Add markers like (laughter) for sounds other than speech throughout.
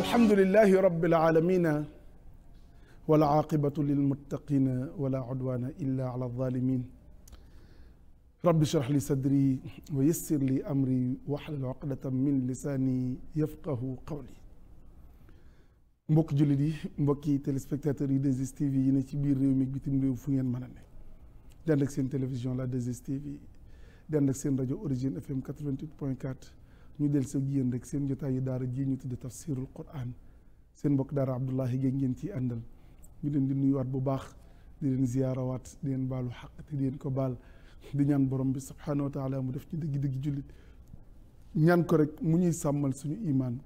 alhamdulilahi rabbil aalamiina wal aaqibatu lil muttaqiina wala udwaana illaa ala zaalimiin rabbi shrah li sadri wa yassir li amri wahlul uqdatan min lisaani yafqahu qawli mbokk jullit yi mbokki téléspectateurs yi 2STV yi ne ci biir réew mi bitim réew fu ngeen mën a ne dend ak seen télévision la 2STV dend ak seen rajo origine FM 88.4 ñu del sa yéen rek seen jotaay yi daara ji ñu tudde tafsirul quran seen mbokk daara Abdoulahi Gaye ngeen ci àndal ñu leen di nuyuwaat bu baax di leen ziyaarawaat di leen baalu xaq te di leen ko baal di ñaan borom bi subhaanahu wa taala mu def ñu dëgg-dëgg jullit ñaan ko rek mu ñuy sàmmal suñu imaan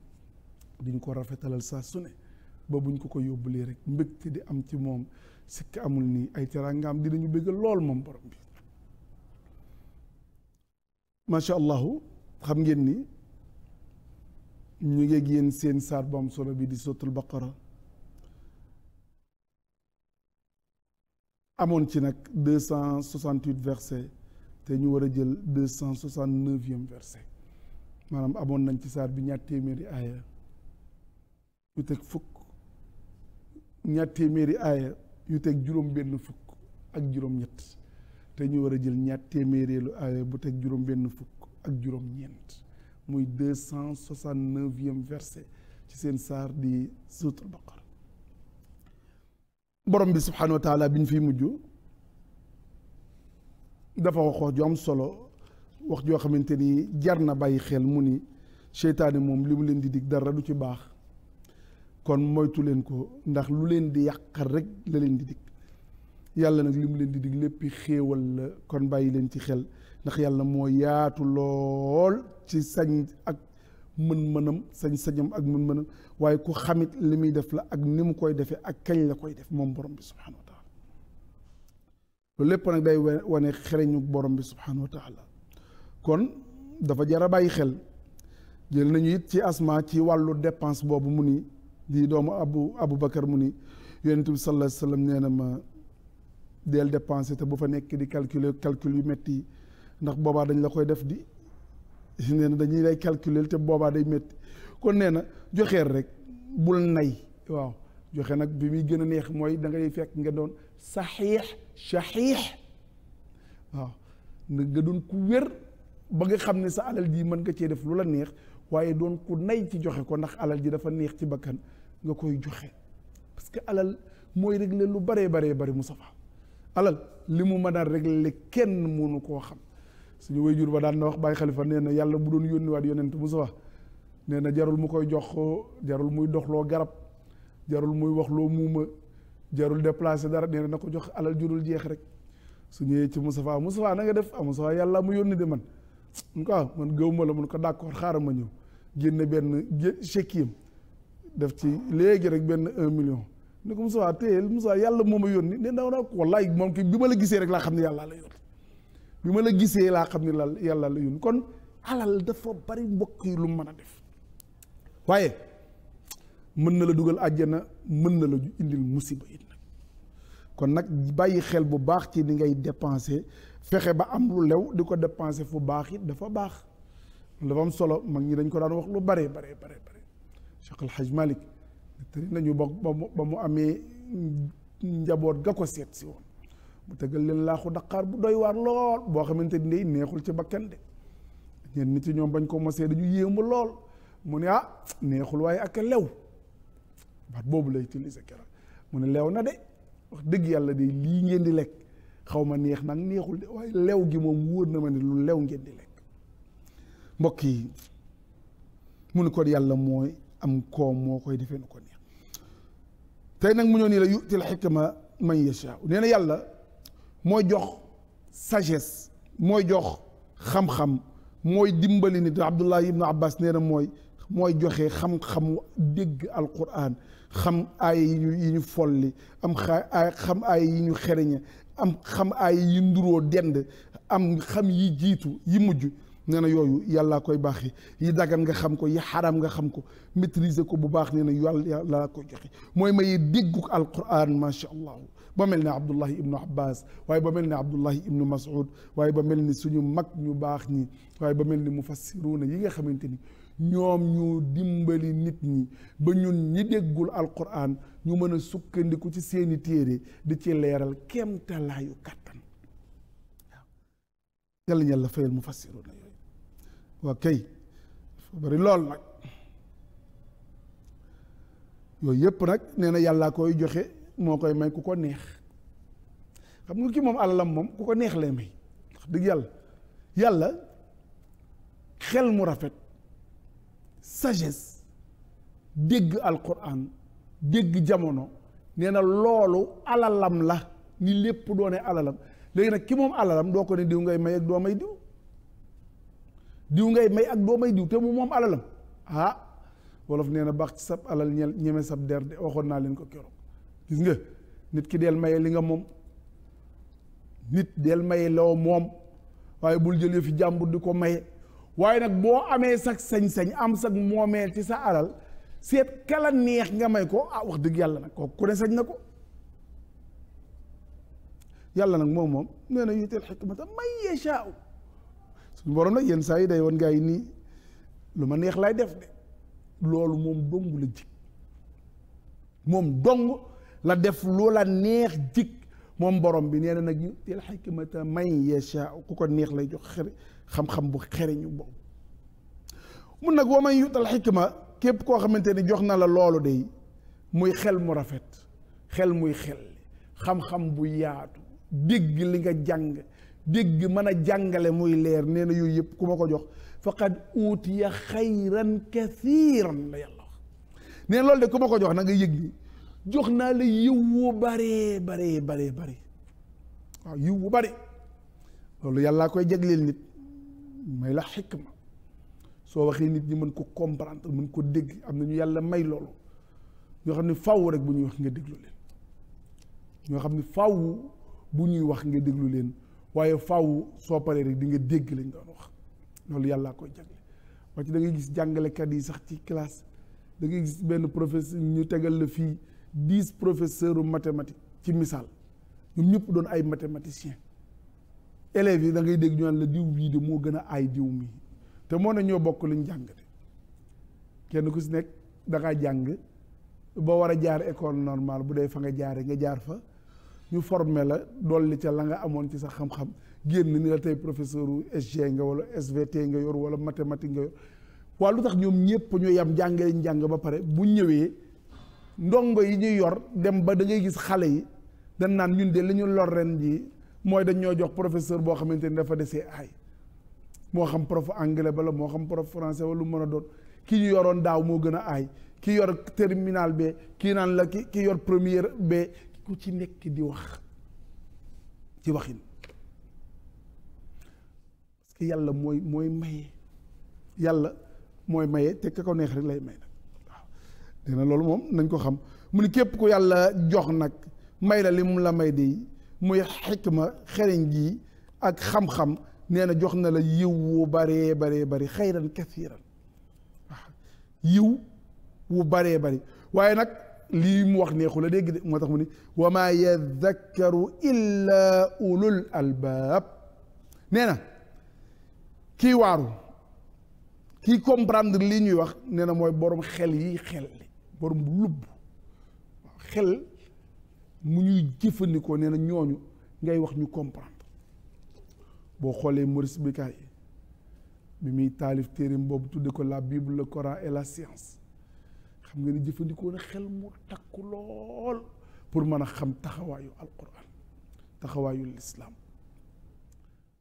di ko rafetalal saa su ba buñ ko ko yóbbulee rek mbégte di am ci moom sikk amul nii ay teraangaam dinañu bëgg lool moom borom bi macha allahu xam ngeen ni ñu ngi ak yéen seen saar bu am solo bi di sotul baqara amoon ci nag deux cent soixante huit verset te ñu war a jël deux cent soixante neuvième verset maanaam amoon nañ ci saar bi ñaar téeméeri aaya ñu teg fukk ñaar téeméeri aaya yu teg juróom benn fukk ak juróom ñett te ñu war a jël ñaar téeméereelu aaya bu teg juróom benn fukk ak juróom ñeent muy deux cent soixante neuvième verset ci seen saar di suutul borom bi subhanahu wa taala bi ñu fiy mujj dafa wax wax ju am solo wax joo xamante ni jar na bàyyi xel mu ni seytaane moom li mu leen di dig dara du ci baax kon moytu leen ko ndax lu leen di yàqal rek la leen di dig yàlla nag li mu leen di dig léppi xéewal la kon bàyyi leen ci xel ndax yàlla moo yaatu lool ci sañ ak mën-mënam sañ-sañam ak mën-mënam waaye ku xamit li muy def la ak ni mu koy defee ak kañ la koy def moom borom bi subhaanahu wa taala lépp nag day wane xereñu borom bi subhaanahu wa kon dafa jar a bàyyi xel jël nañu it ci asma ci wàllu dépense boobu mu nii lii doomu abu abu aboubacar mu ni yonent bi sallallahu alayhi wa sallam na ma del dépensé te bu fa nekk di calculer calcul yu yi ndax boobaa dañ la koy def di nee na dañuy lay calculer te boobaa day métti kon nee na joxeer rek bul nay waaw joxe nag bi muy gën a neex mooy da ngay fekk nga doon saxiix saxiix waaw nga doon ku wér ba nga xam ne sa alal ji mën nga cee def lu la neex waaye doon ku nay ci joxe ko ndax alal ji dafa neex ci bakkan nga koy joxe parce que alal mooy régler lu baree baree bari Moustapha alal li mu mën a régler kenn mënu koo xam suñu jur ba daan na wax bàyyi Khalifa nee na yàlla bu doon yónniwaat yonent Moustapha nee na jarul mu koy jox jarul muy dox loo garab jarul muy wax waxloo muuma jarul déplacé dara nee na ko jox alal jurul jeex rek su ñëwee ci Moustapha Moustapha na def ah Moustapha yàlla mu yónni de man mun ko man gëwma la mun ko d'accord xaaral ma ñëw génne benn chekiyam def ci léegi rek benn un million ne ko lu mu Moussa yàlla moom a yónni ne daaw naa ko wallaay moom ki bi ma la gisee rek laa xam ne yàlla la yónni bi ma la gisee laa xam ne la yàlla la yónni kon alal dafa bari mbokk yi lu mën a def waaye mën na la dugal àjjana mën na la indil musiba it nag kon nag bàyyi xel bu baax ci ni ngay dépenser fexe ba am lu lew di ko dépenser fu baax it dafa baax dafa am solo mag ñi dañ ko daan wax lu bare bare bare Cheikh El Hadj Malick nettali nañu ba ba mu ba mu amee njaboot ga ko seet si woon mu tegal leen laaxu daqaar bu doy waar lool boo xamante ni neexul ci bakkan de ñenn nit ci ñoom bañ koo mose dañu yéemu lool mu ne ah neexul waaye ak lew baat boobu lay utiliser keroog mu ne lew na de wax dëgg yàlla de lii ngeen di lekk xaw ma neex nag neexul de waaye lew gi moom wóor na ma ni lu lew ngeen di lekk mbokk yi ko yàlla mooy am koom moo koy defee nu ko neex tey nag mu ñëw nii la yutil xikma man yasha nee na yàlla mooy jox sagesse mooy jox xam-xam mooy dimbali nit Abdullah ibn Abbas nee na mooy mooy joxe xam-xamu dégg alquran xam aay yi ñu yi folli am xaay xam aay yi ñu xereñe am xam aay yi nduroo dend am xam yi jiitu yi mujj nee yooyu yàllaa koy baaxe yi dagan nga xam ko yi xaram nga xam ko maîtriser ko bu baax nee na yàllaa koy joxe mooy maye déggu alquran macha allah ba mel ne Abdullahi ibnu Abbas waaye ba mel ne Abdullahi ibnu Mas'ud waaye ba mel ni suñu mag ñu baax ñi waaye ba mel ni mufassiruuna yi nga xamante ni ñoom ñu dimbali nit ñi ba ñun ñi déggul alquran ñu mën a sukkandiku ci seeni téere di ci leeral kéemtalaayu kàttan waaw yàlla yàlla fayal mufassiruuna waa kay dafa bëri lool nag yooyu yëpp nag nee na yàllaa koy joxe moo koy may ku ko neex xam nga ki moom alalam moom ku ko neex lay may wax dëgg yàlla yàlla xel mu rafet sagesse dégg alquran dégg jamono nee na loolu alalam la ni lépp ne alalam léegi nag ki moom alalam doo ko ne diw ngay may ak doo may diw diw ngay may ak doo may diw te mu moom alalam ah wolof nee na baax ci sab alal ñel ñeme sab der de waxoon naa leen ko keroog gis nga nit ki del maye li nga moom nit del maye loo moom waaye bul jël yëfi jàmbur di ko maye waaye nag boo amee sax sañ-sañ am sax moomeel ci sa alal seet kala neex nga may ko ah wax dëgg yàlla nag kooku ku ne sañ na ko yàlla nag moom moom nee na yuutil xikmata man yashaa'u suñu borom nag yenn saa yi day woon gaa yi nii lu ma neex laay def de loolu moom dong la jig moom dong la def loola neex jig moom borom bi nee na nag yu'til hikmata man yashaa ku ko neex lay jox xere xam-xam bu xereñu boobu mun nag wa man yu'tal hikma képp koo xamante ne jox na la loolu de muy xel mu rafet xel muy xel xam-xam bu yaatu dégg li nga jàng dégg mën a jàngale muy leer nee na yooyu yëpp ku ma ko jox faqad ya xayran kathiran la yàlla wax nee loolu de ku ma ko jox na nga yëg ni jox naa la yiw wu baree baree baree bare waaw yiw wu bare loolu yàllaa koy jagleel nit may la xikma soo waxee nit ñi mën ko comprendre mën ko dégg am na ñu yàlla may loolu ñoo xam ne faaw rek bu ñuy wax nga déglu leen ñoo xam ne faaw bu ñuy wax nga déglu leen waaye faw soo paree rek di nga dégg lañ doon wax loolu yàllaa koy jagle ba ci da ngay gis jàngalekat yi sax ci classe da ngay gis benn professeur ñu tegal la fii dix professeurs mathématique ci misaal ñoom ñëpp doon ay mathématiciens élèves yi da ngay dégg ñu naan la diw bii de moo gën a ay diw mii te moo ne ñoo bokk luñ jàng de kenn ku si nekk da jàng ba war a jaar école normal bu dee fa nga jaaree nga jaar fa. ñu formé la li ca la nga amoon ci sa xam-xam génn ni la tey professeur SG nga wala SVT nga yor wala mathématique nga yor waa lu tax ñoom ñëpp ñu yam jàngale njàng ba pare bu ñëwee ndongo yi ñuy yor dem ba da gis xale yi dañ naan ñun de li ñu lor ren jii mooy dañ ñoo jox professeur boo xamante ni dafa desee ay moo xam prof anglais bala moo xam prof français wala lu mën a doon ki ñu yoroon daaw moo gën a aay ki yor terminal B kii naan la ki ki yor première B ku ci nekk di wax ci waxin parce que yàlla mooy mooy maye yàlla mooy maye te ka ko neex rek lay may nag waaw dina loolu moom nañ ko xam mu ni képp ko yàlla jox nag may la li mu la may de muy xikma xereñ gi ak xam-xam nee na jox na la yiw wu baree baree bari xayran kasiiran waaw yiw wu baree bari waaye nag lii mu wax neexu la dégg de moo tax mu ni wa maa yadakkaru illa ulul albaab nee na kii waaru kii comprendre lii ñuy wax nee na mooy borom xel yi xel borom lubb xel mu ñuy jëfandikoo nee na ñooñu ngay wax ñu comprendre boo xoolee Maurice Bucaille bi muy taalif téerim boobu tudde ko la Bible la Coran et la science xam nga ni jëfandikoo na xel mu takku lool pour mën a xam taxawaayu alquran taxawaayu lislaam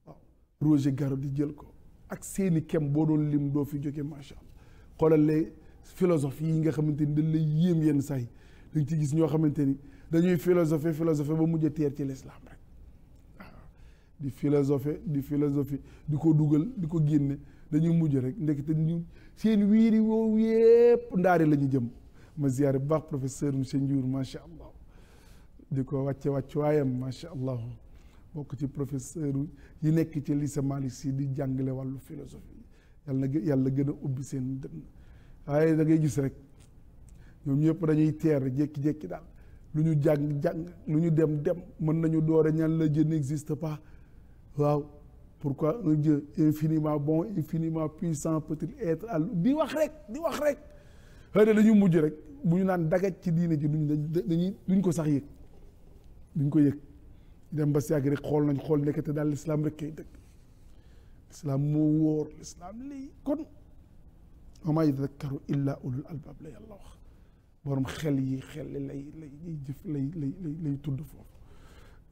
waaw Roger di jël ko ak seeni kem boo doon lim doo fi jóge macha allah xoolal les philosophes yi nga xamante ni dañ lay yéem yenn saa yi dañ ci gis ñoo xamante ni dañuy philosophe philosophe ba mujj a teer ci lislaam rek waaw di philosophe di philosophie di ko dugal di ko génne dañu mujj rek ndekete ñu seen wiiri woowu yépp ndaari la ñu jëm ma ziyaare baax professeur monsieur Ndiour macha allah di ko wàcce wàcc waayam macha allah bokk ci professeur yi nekk ci lycée Malick Sy di jàngale wàllu philosophie yàlla na yàlla gën a ubbi seen dënn waaye da ngay gis rek ñoom ñëpp dañuy teer jékki-jékki daal lu ñu jàng jàng lu ñu dem dem mën nañu doore ñaan la je n'existe pas waaw pourquoi un Dieu infiniment bon infiniment puissant peut-il être à di wax rek di wax rek xëy na dañu mujj rek bu ñu naan dagat ci diine ji duñ dañuy duñ ko sax yëg duñ ko yëg dem ba si yàgg rek xool nañ xool nekkete daal l'islam rek kay dëgg l'islam moo wóor l'islam kon wama yadakkaru illa ulul albab la yàlla wax borom xel yi xel lay lay lay jëf lay lay tudd foofu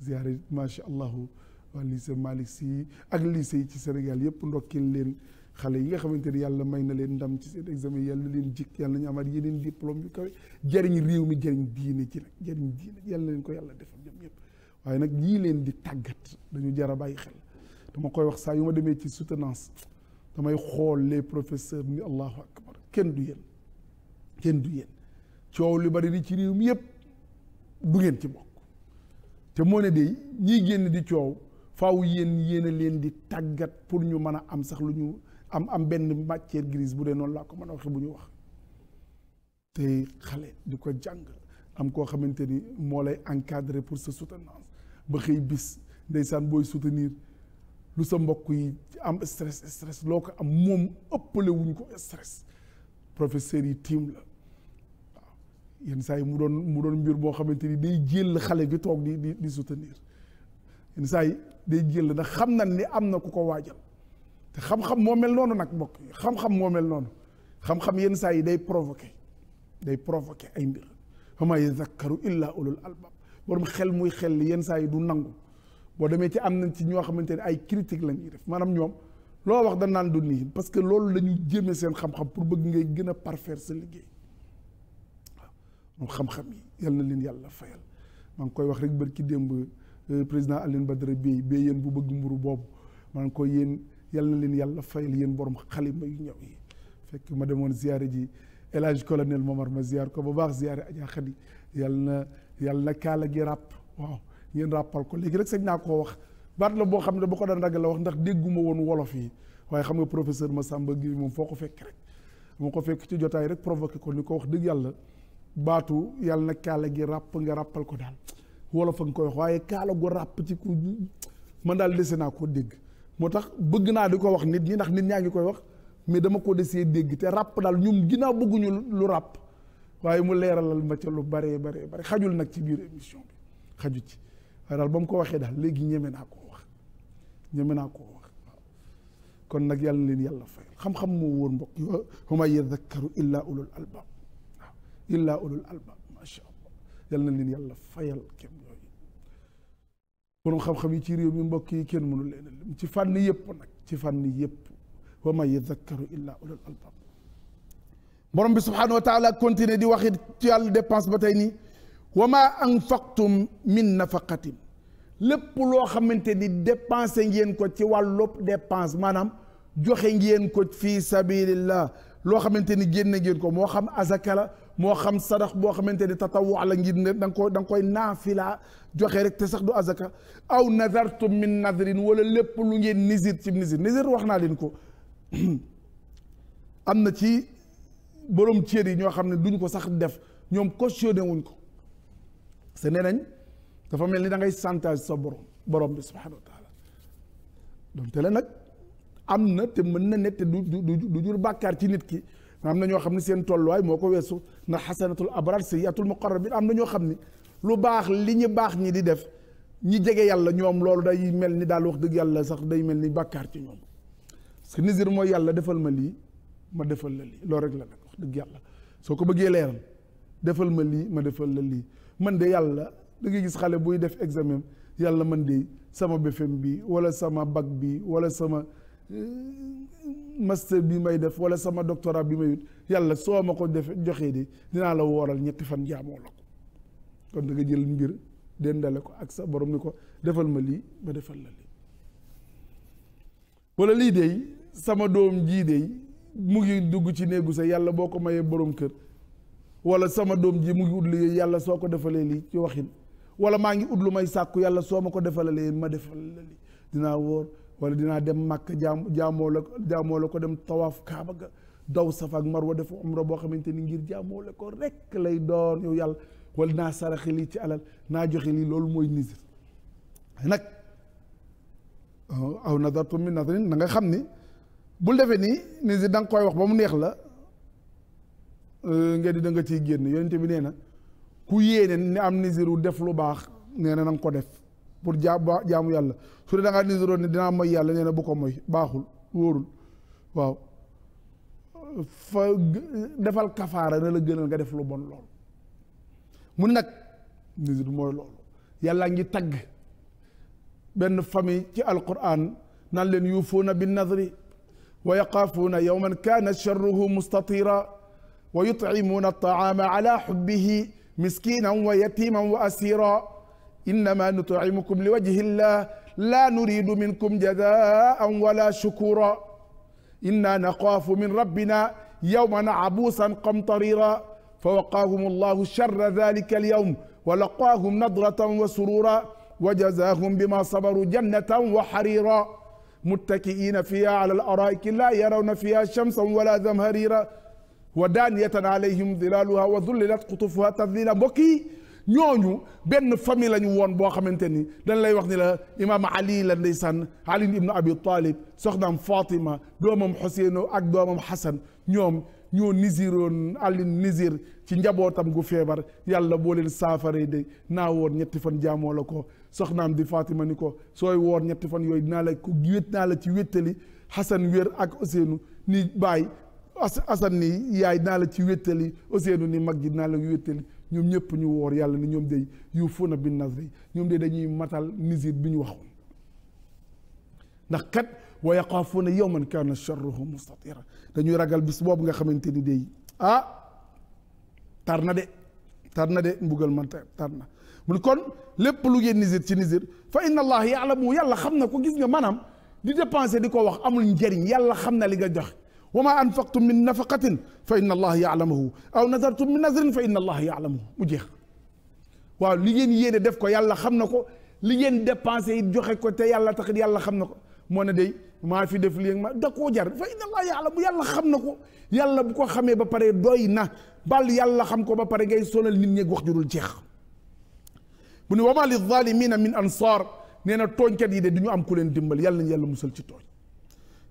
ziyaare macha allahu waa lycée Malick si ak lycée yi ci Sénégal yëpp ndokkil leen xale yi nga xamante ni yàlla may na leen ndam ci seen examen yi yàlla na leen jik yàlla nañu amaat yeneen diplôme yu kawe jëriñ réew mi jëriñ diine ci nag jëriñ diine na leen ko yàlla defal ñoom ñëpp waaye nag yii leen di tàggat dañu jar a bàyyi xel dama koy wax saa yu ma demee ci soutenance damay xool les professeurs ni allahu akbar kenn du yéen kenn du yéen coow li bari di ci réew mi yëpp du ngeen ci bokk te moo ne de ñiy génn di coow faaw yéen yéen a leen di tàggat pour ñu mën a am sax lu ñu am am benn matière grise bu dee noonu laa ko man a waxe bu ñu wax te xale di ko jàng am koo xamante ni moo lay encadrer pour sa soutenance ba xëy bis ndeysaan booy soutenir lu sa mbokk yi am stress stress loo ko am moom ëppale wuñ ko stress professeurs yi tiim la waaw yenn saa yi mu doon mu doon mbir boo xamante ni day jël xale bi toog di di di soutenir yenn saa yi day jël ndax xam na ni am na ku ko waajal te xam-xam moo mel noonu nag mbokk xam-xam moo mel noonu xam-xam yenn saa yi day provoqué day provoqué ay mbir fama yadakkaru illa ulul albab borom xel muy xel yenn saa yi du nangu boo demee ci am nañ ci ñoo xamante ne ay critique la ñuy def maanaam ñoom loo wax da naan du nii parce que loolu la ñu jéeme seen xam-xam pour bëgg ngay gën a parfaire sa liggéey waaw moom xam-xam yi yal na leen yàlla fayal maa ngi koy wax rek bër ki démb Eh, président ba Badara Bèye Bèye yéen bu bëgg mburu boobu man ko yéen yal na leen yàlla fayal yéen borom xalima yu ñëw yi fekk ma dem demoon ziare ji El Hadj colonel Momar ma ziar ko ba baax ziare Adja Khady yal na yal na kaala gi ràpp waaw ngeen ko léegi rek sañ naa koo wax baat la boo xam ne ba ko daan ragal la wax ndax dégguma woon wolof yi waaye xam nga professeur Massamba Guèye moom foo ko fekk rek moo ko fekk ci jotaay rek provoqué ko ni ko wax dëgg yàlla baatu yàlla na kaala gi ràpp nga ràppal ko daal wolof a nga koy wax waaye kaala gu ràpp ci ku man daal dese naa koo dégg moo tax bëgg naa di ko wax nit ñi ndax nit ñaa ngi koy wax mais dama koo desee dégg te ràpp daal ñum ginnaaw bëgguñu lu ràpp waaye mu leeralal ma ca lu baree baree bare xajul nag ci biir émission bi xaju ci waaye daal ba mu ko waxee daal léegi ñeme naa koo wax ñeme naa koo wax kon nag yàlla na leen yàlla fayal xam-xam moo wóor mbokk wa ma yadakkaru illaa ulul albaab waaw illaa ulul yal na leen yàlla fayal kem yooyu borom xam-xam yi ci réew mi mbokk yi kenn mënu leen lim ci fan yëpp nag ci fànn yëpp wa ma yadakkaru illa di waxit ci yàlla dépense ba tey nii wa ma anfaqtum min nafaqatin lépp loo xamante ni dépensé ngeen ko ci wàllub dépense maanaam joxe ngeen ko fii sabilillah loo xamante ni génne ngeen ko moo xam azaka la moo xam sadax boo xamante ni tatawu la ngir ne da nga koy da nga koy naafila joxe rek te sax du azaka aw nazartum min nazrin wala lépp lu ngeen nisir ci nisir nisir wax naa leen ko (clears throat) am na ci borom cër yi ñoo xam ne duñ ko sax def ñoom cautionné wuñ ko se nee nañ dafa mel ni da ngay chantage sa borom borom bi subhanahu wa taala donte nag am na te mën na ne te du du du jur bàkkaar ci nit ki am na ñoo xam ne seen tolluwaay moo ko weesu ndax xasanatul abraar sayyiatul muqarrabin am na ñoo xam ni lu baax li ñu baax ñi di def ñi jege yàlla ñoom loolu day mel ni daal wax dëgg yàlla sax day mel ni bàkkaar ci ñoom nisir mooy yàlla defal ma lii ma defal la loolu rek la dëgg yàlla soo ko bëggee leeral defal ma lii ma defal la lii man de yàlla da ngay gis xale buy def examen yàlla man de sama BFEM bii wala sama bag bi wala sama. master bi may def wala sama doctorat bi may wut yàlla soo ma ko defe joxee de dinaa la wooral ñetti fan jaamoo la ko kon da nga jël mbir dendale ko ak sa borom ni ko defal ma lii ma defal la lii wala lii dey sama doom jii dey mu ngi dugg ci néegu sax yàlla boo ko mayee borom kër walla sama doom ji mu ngi ut liggéey yàlla soo ko defalee lii ci waxin wala maa ngi ut lu may sàkku yàlla soo ma ko defalee ma defal la lii dinaa wóor wala dinaa dem màkk jaam jaamoo la jaamoo la ko dem tawaaf kaaba ga daw safa ak marwa def umra boo xamante ni ngir jaamoo la ko rek lay doon yow yàlla wala naa saraxe lii ci alal naa joxe lii loolu mooy nisir nag aw nadartum min nadrin na nga xam ni bul defee nii nisir danga koy wax ba mu neex la euh, nga di da nga ciy génn yooyu bi nee na ku yéene ni am nisiru def lu baax nee na na nga ko def pour jaa jaamu yàlla su dee da ngaa niséroon ne dinaa moy yàlla nee na bu ko moy baaxul wóorul defal kafaara na la gënal nga def lu bon lool mun nag nisir mooy loolu yàlla ngi tagg benn famille ci alquran naan leen yuufuuna bin nadri wa yaqaafuuna yawman kaana sharruhu mustatira wa yutcimuuna altaama ala xubbihi miskinan wa yatiman wa asira innama nut'imukum li wajhi llah la nuridu minkum jazaan wala shukura inna naxaafu min rabbina yawman abuusan qamtarira fa waqaahum allahu sharra dalika alyawm wa laqaahum nadratan wa surura wa jazaahum bima sabaru jannatan wa xariira muttaki'iina fiihaa ala al-araa'iki laa yarawna fiihaa shamsan wala zamhariira wa daaniyatan alayhim zilaaluhaa wa zullilat qutufuhaa tadliilaa mbokk yi ñooñu benn famille la ñu woon boo xamante ni dañ lay wax ni la imaam ali la ndeysaan ali ibnu abi talib soxnaam fatima doomam xuseyno ak doomam xasan ñoom ñoo nisiroon ali nisir ci njabootam gu feebar yàlla boo leen saafara de naa woon ñetti fan jaamoo la ko soxnaam di fatima ni ko sooy woon ñetti fan yooyu naa la ko wét naa la ci wéttali xasan wér ak xuseynu ni baay asan ni yaay naa la ci wéttali xuseynu ni mag ji naa la wéttali ñoom ñëpp ñu woor yàlla ni ñoom de day na bin nazri ñoom de dañuy matal nisir bi ñu waxoon ndax kat wa na yawman kaana sharruhu mustatira dañuy ragal bis boobu nga xamante ni day ah tar na de tar na de mbugal man tar na mun kon lépp lu ngeen nisir ci nisir fa inna allah yaalamu yàlla xam na ko gis nga maanaam li dépenser di ko wax amul njëriñ yàlla xam na li nga jox wa maa anfaqtum min nafaqatin fa inna allah yaalamuhu aw nazartum min nazrin fa inna allah yaalamuhu mu jeex waaw li ngeen yéene def ko yàlla xam na ko li ngeen dépensé it joxe ko te yàlla taxit yàlla xam na ko moo ne day maa fi def lii ma da koo jar fa inna allah yaalamu yàlla xam na ko yàlla bu ko xamee ba pare doy na bal yàlla xam ko ba pare ngay sonal nit ñeeg wax ju dul jeex bu ne wa maa li zalimina min ansaar nee na tooñkat yi de du am ku leen dimbal yàlla nañ yàlla musal ci tooñ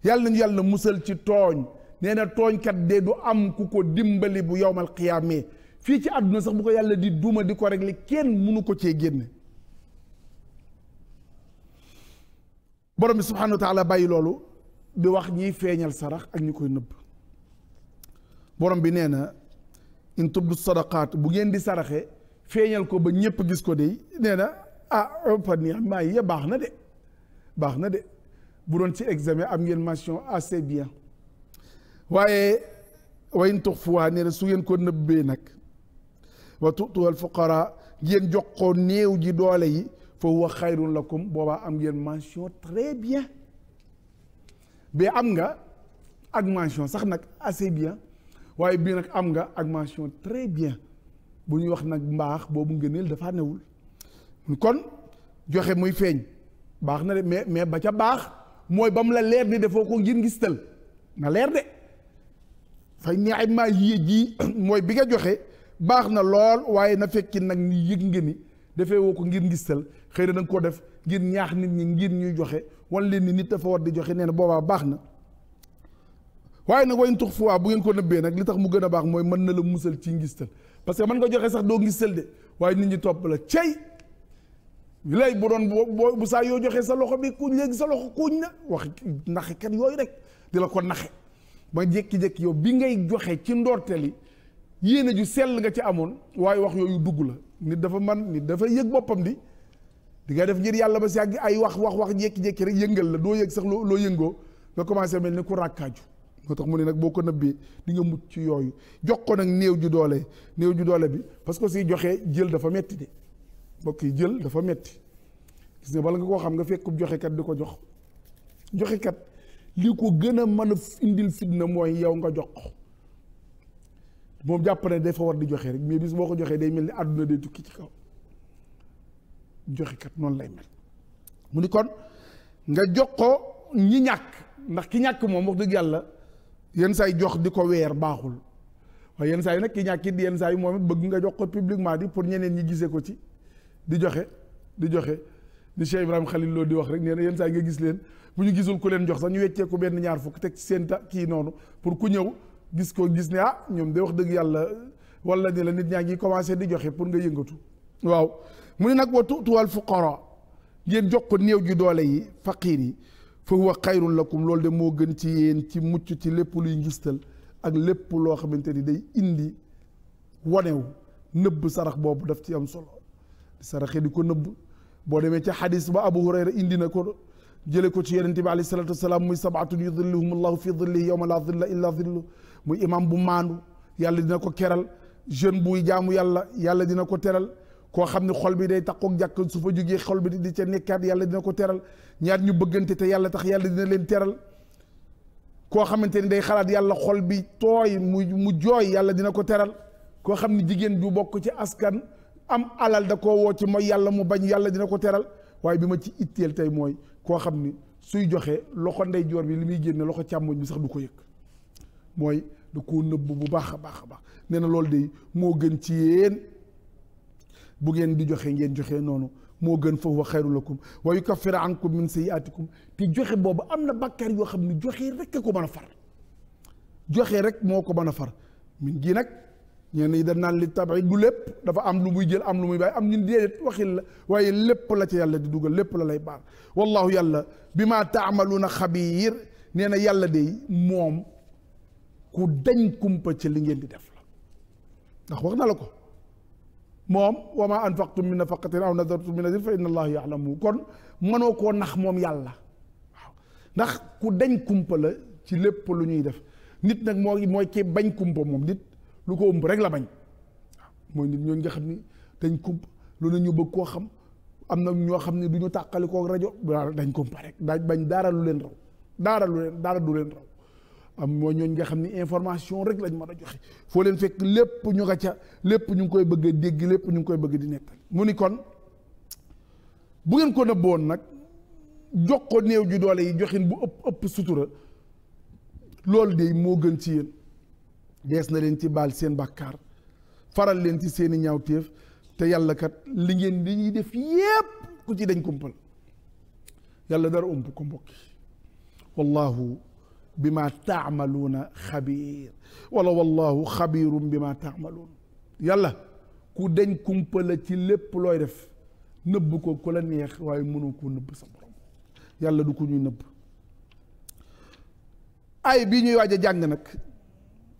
yàlla nañu yàlla musal ci tooñ nee na tooñkat de du am ku ko dimbali bu yowmal xiyaamee fii ci àdduna sax bu ko yàlla di duma di ko régler kenn mënu ko cee génne borom bi subhaanahu wa bàyyi loolu di wax ñiy feeñal sarax ak ñi koy nëbb borom bi nee na in tubdu sadaqaat bu ngeen di saraxe feeñal ko ba ñépp gis ko de nee na ah yi maa baax na de baax na de bu doon ci examen am ngeen mention assez bien waaye wayn tux fuwaa nee na su ngeen ko nëbbee nag wa tutuwal fuqara ngeen jox ko néew ji doole yi fa huwa xayrun lakum boobaa am ngeen mention très bien bi am nga ak sax nag assez waaye bii nag am nga ak mention très bien bu ñuy wax nag mbaax boobu ngëneel dafaa newul kon joxe muy feeñ baax na de mais mais ba ca baax mooy ba mu la leer ni defoo ko ngir ngistal na leer de fay ay maa yie jii mooy bi nga joxe baax na lool waaye na fekki nag ni yëg nga ni defee woo ko ngir ngistal xëy na da nga ko def ngir ñaax nit ñi ngir ñuy joxe wan leen ni nit dafa war di joxe nee na boobaa baax na waaye nag wayn tux fuwaa bu ngeen ko nëbbee nag li tax mu gën a baax mooy mën na la musal ci ngistal parce que mën nga joxe sax doo ngistal de waaye nit ñi topp la cey lay bu doon boo bu saa yoo joxee sa loxo bi kuñ léegi sa loxo kuñ na wax naxe kat yooyu rek di la ko naxe ba jékki-jékki yow bi ngay joxee ci ndoorteli yéene ju sell nga ci amoon waaye wax yooyu dugg la nit dafa man dafa yëg boppam di di nga def ngir yàlla ba si ay wax wax wax jékki-jékki rek yëngal la doo yëg sax loo loo yëngoo nga commencé mel ni ku ràkkaaju moo tax mu ne nag boo ko nëbbee di nga mucc ci yooyu jox ko nag néew ju doole néew ju doole bi parce que aussi joxe jël dafa metti de mbokk yi jël dafa metti gis nga bala nga koo xam nga fekk joxekat di ko jox joxekat li ko gën a mën a indil fitna mooy yow nga jox moom jàpp ne dafa war di joxe rek mais bis boo ko joxee day mel ni àdduna day tukki ci kaw joxekat noonu lay mel mu ni kon nga jox ko ñi ñàkk ndax ki ñàkk moom wax dëgg yàlla yenn saa yi jox di ko weer baaxul waaye yenn saa yi ki ñàkk it yenn saa yi moom it bëgg nga jox ko publiquement di pour ñeneen ñi gisee ko ci di joxe di joxe ni Cheikh Ibrahima Khalil loolu di wax rek nee na yenn saa yi nga gis leen bu ñu gisul ku leen jox sax ñu weccee ko benn ñaar fukk teg ci seen ta kii noonu pour ku ñëw gis ko gis ne ah ñoom day wax dëgg yàlla wala ne la nit ñaa ngi commencé di joxe pour nga yëngatu waaw mu ne nag wa tu'tuwal fuqara ngeen jox ko néew ji doole yi faqiir yi fa huwa la lakum loolu de moo gën ci yéen ci mucc ci lépp luy ngistal ak lépp loo xamante ni day indi wanew nëbb sarax boobu daf ci am solo saraxe di ko nëbb boo demee ci xadis ba abu hurayra indi na ko jële ko ci yonente bi alayhi salatu wasalaam muy sabaatun yudilluhum allahu fi dillihi yowma la dilla illa dillu muy imam bu maanu yàlla dina ko keral jeune buy jaamu yàlla yàlla dina ko teral koo xam ne xol bi day takkook jàkk su fa jógee xol bi di ca nekkaat yàlla dina ko teral ñaar ñu bëggante te yàlla tax yàlla dina leen teral koo xamante ni day xalaat yàlla xol bi tooy mu mu jooy yàlla dina ko teral koo xam ne jigéen ju bokk ci askan am alal da koo woo ci mooy yàlla mu bañ yàlla dina ko teral waaye bi ma ci itteel tey mooy koo xam ni suy joxee loxo ndeyjoor bi li muy génne loxo càmmoñ bi sax du ko yëg mooy da ko nëbb bu baax a baax a baax nee na loolu de moo gën ci yéen bu ngeen di joxee ngeen joxe noonu moo gën fa huwa xayru lakum wa yukaffiru ankum min sayyi'atikum te joxe boobu am na bàkkaar yoo xam ne joxe rek a ko mën a far joxe rek moo ko mën a far min gi nag ñenn yi dañ naan li tabax du lépp dafa am lu muy jël am lu muy bàyyi am ñun déedéet waxin la waaye lépp la ca yàlla di dugal lépp la lay baal wallahu yàlla bi maa taamaluuna xabiir nee na yàlla de moom ku dañ kumpa ci li ngeen di def la ndax wax na la ko moom wa maa anfaqtum min nafaqatin aw nadartum min nadrin fa inna allaha yaalamu kon mënoo koo nax moom yàlla ndax ku dañ ci lépp lu ñuy def nit nag moo mooy ki bañ kumpa moom nit lu ko ëmb rek la bañ mooy nit ñooñu nga xam ni dañ kump lu ne ñu bëgg koo xam am na ñoo xam ne du ñu tàqali koo rajo dañ kumpa rek dañ bañ daara leen raw daara leen daara du leen raw am mooy nga xam ni information rek lañ mën a joxe foo leen fekk lépp ñu nga ca lépp ñu ngi koy bëgg a dégg lépp ñu ngi koy bëgg di nekkal mu ni kon bu ngeen ko nëbboon nag jox ko néew ju doole yi joxin bu ëpp ëpp sutura loolu de moo gën ci yéen dees na leen ci baal seen bàkkaar faral leen ci seeni ñaawteef te yàlla kat li ngeen li ñuy def yépp ku ci dañ kumpal yàlla dara ump ko mbokki wallahu bi ma taamaluuna xabiir wala wallahu xabiirum bi ma taamaluun yàlla ku dañ kumpala ci lépp looy def nëbb ko ku la neex waaye mënu ko nëbb sa borom yàlla du ko ñuy nëbb ay bii ñuy waaj a jàng nag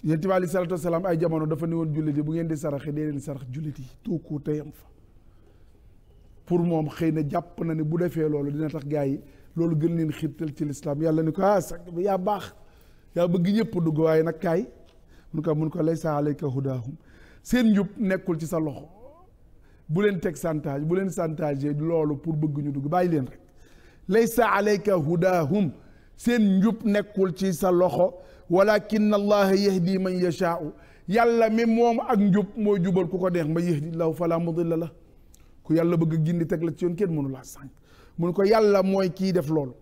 yonent bi alayhi salaatu wasalaam ay jamono dafa ne woon jullit yi bu ngeen di saraxee dee leen sarax jullit yi tuuku teyam fa pour moom xëy na jàpp na ne bu defee loolu dina tax gaa yi loolu gën leen xiirtal ci lislaam yàlla ni ko ah sag bi yaa baax yaa bëgg ñëpp dugg waaye nag kaay mun ko mun ko laysa alayka hudaahum seen njub nekkul ci sa loxo bu leen teg santage bu leen santage loolu pour bëgguñu dugg bàyyi leen rek laysa alayka hudaahum seen njub nekkul ci sa loxo walakin allaha yahdi man yashaau yàlla mi moom ak njub mooy jubal ku ko deex ma di lahu fala mudilla la ku yàlla bëgg a gindi teg la ci yoon kenn mënu laa mun ko yàlla mooy kii def loolu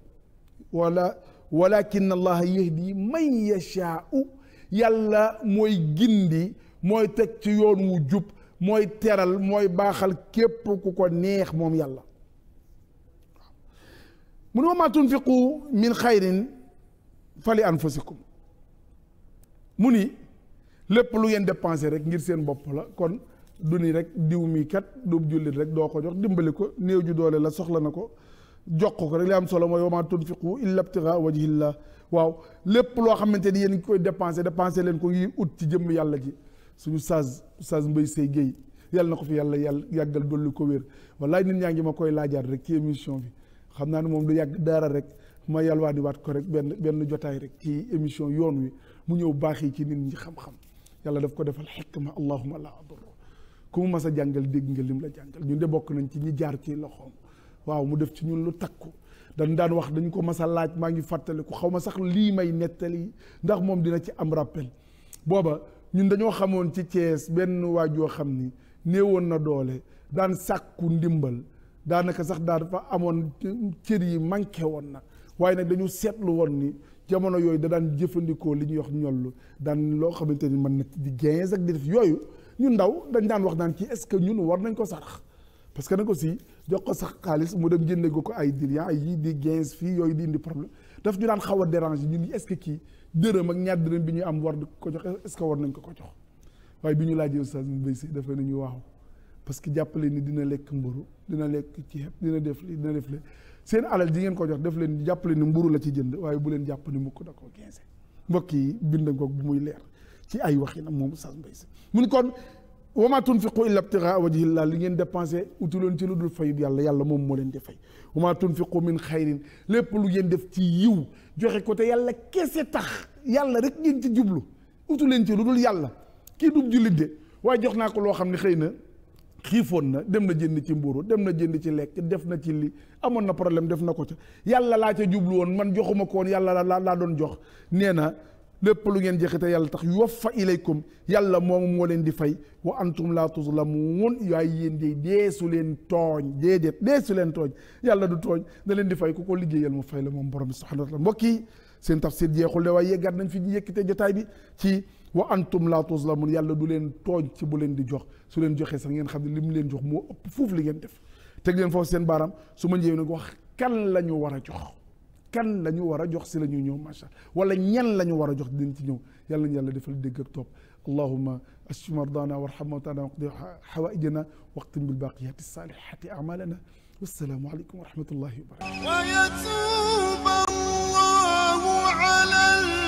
wala walakin allaha yahdi man yashaau yàlla mooy gindi mooy teg ci yoon wu jub mooy teral mooy baaxal képp ku ko neex moom yàlla mu ne wa maa tunfiqu min xayrin fa li mu ni lépp lu ngeen dépensé rek ngir seen bopp la kon du ni rek diw mii kat doob jullit rek doo ko jox dimbali ko néew ju doole la soxla na ko jox ko rek li am solo mooy wama tunfiqu illa ibtigaa wajhillah waaw lépp loo xamante ni yéen ngi koy dépensé dépensé leen ko ngir ut ci jëmm yàlla ji suñu saz saz mbay say géey yàlla na ko fi yàlla yàlla yàggal dolli ko wér wallaay nit ñaa ngi ma koy laajaat rek ci émission bi xam naa ne moom du yàgg daara rek ma yàlwaani waat ko rek benn benn jotaay rek ci émission yoon wi mu ñëw baaxee ci nit ñi xam-xam yàlla daf ko defal xikma allahuma laa adoro ku mu mas a jàngal dégg nga lim la jàngal ñun de bokk nañ ci ñi jaar ci loxoom waaw mu def ci ñun lu takku dañ daan wax dañ ko mas a laaj maa ngi fàttaliku xaw ma sax lii may nettali ndax moom dina ci am rappel booba ñun dañoo xamoon ci Thiès benn waa joo xam ni néewoon na doole daan sàkku ndimbal daanaka sax daa dafa amoon cër yi manqué woon na waaye nag dañu seetlu woon ni jamono yooyu da daan jëfandikoo li ñuy wax ñoll daan loo xamante ni mën na di gains ak di def yooyu ñu ndaw dañ daan wax naan ci est-ce que ñun war nañ ko sarax parce que nag aussi jox ko sax xaalis mu dem jëndee ko ay dirian yi di gains fii yooyu di indi problème daf ñu daan xaw a déranger ñun est-ce ci kii dërëm ak ñaar dërëm bi ñu am war ko jox est-ce que war nañ ko ko jox waaye bi ñu laajee oustaz Mbaye Sy dafa nañu waaw parce que jàppale ni dina lekk mburu dina lekk ceeb dina def li dina def li seen alal ji ngeen ko jox def leen jàppale ni mburu la ci jënd waaye bu leen jàpp ni mukk da koo geese mbokk yi bind ko bu muy leer ci ay wax yi nag moom Oustaz mbay Sy mun kon wa ma tunfiqu illa ibtigaa wajhillah li ngeen dépensé uti loon ci lu dul fayub yàlla yàlla moom moo leen di fay wa ma tunfiqu min xayrin lépp lu ngeen def ci yiw joxe ko te yàlla kese tax yàlla rek ngeen ci jublu utu leen ci lu dul yàlla kii dub jullit de waaye jox naa ko loo xam ne xëy na xiifoon na dem na jënd ci mburu dem na jënd ci lekk def na ci li amoon na problème def na ko ca yàlla laa ca jublu woon man joxuma koon woon yàlla laa laa doon jox nee na lépp lu ngeen jeexite yàlla tax yuwaffa ilaykum yalla moom moo leen di fay wa antum laa tuzlamuun yaay yéen de deesu leen tooñ déedéet deesu leen tooñ yalla du tooñ da leen di fay ku ko liggéeyal mu fay la moom borom bi subhaanahu wa yi seen tafsir jeexul de waaye yeggaat nañ fi ñu yëkkite jotaay bi ci wa antum la tuzlamun yàlla du leen tooñ ci bu leen di jox su leen joxee sax ngeen xam ne li mu leen jox moo ëpp li ngeen def teg leen foofu seen baaraam su ma njëwee yeen wax kan la ñu war a jox kan la ñu war a jox si la ñuy ñëw macha wala ñan la ñu war a jox dinañ ci ñëw yàlla nañ yàlla defal dégg ak topp allahuma ashfi mardana warham mawtana waqdi xawaijana waqtim bilbaqiyati salihati amalana wassalaamu aleykum wa rahmatullahi wa barakatu على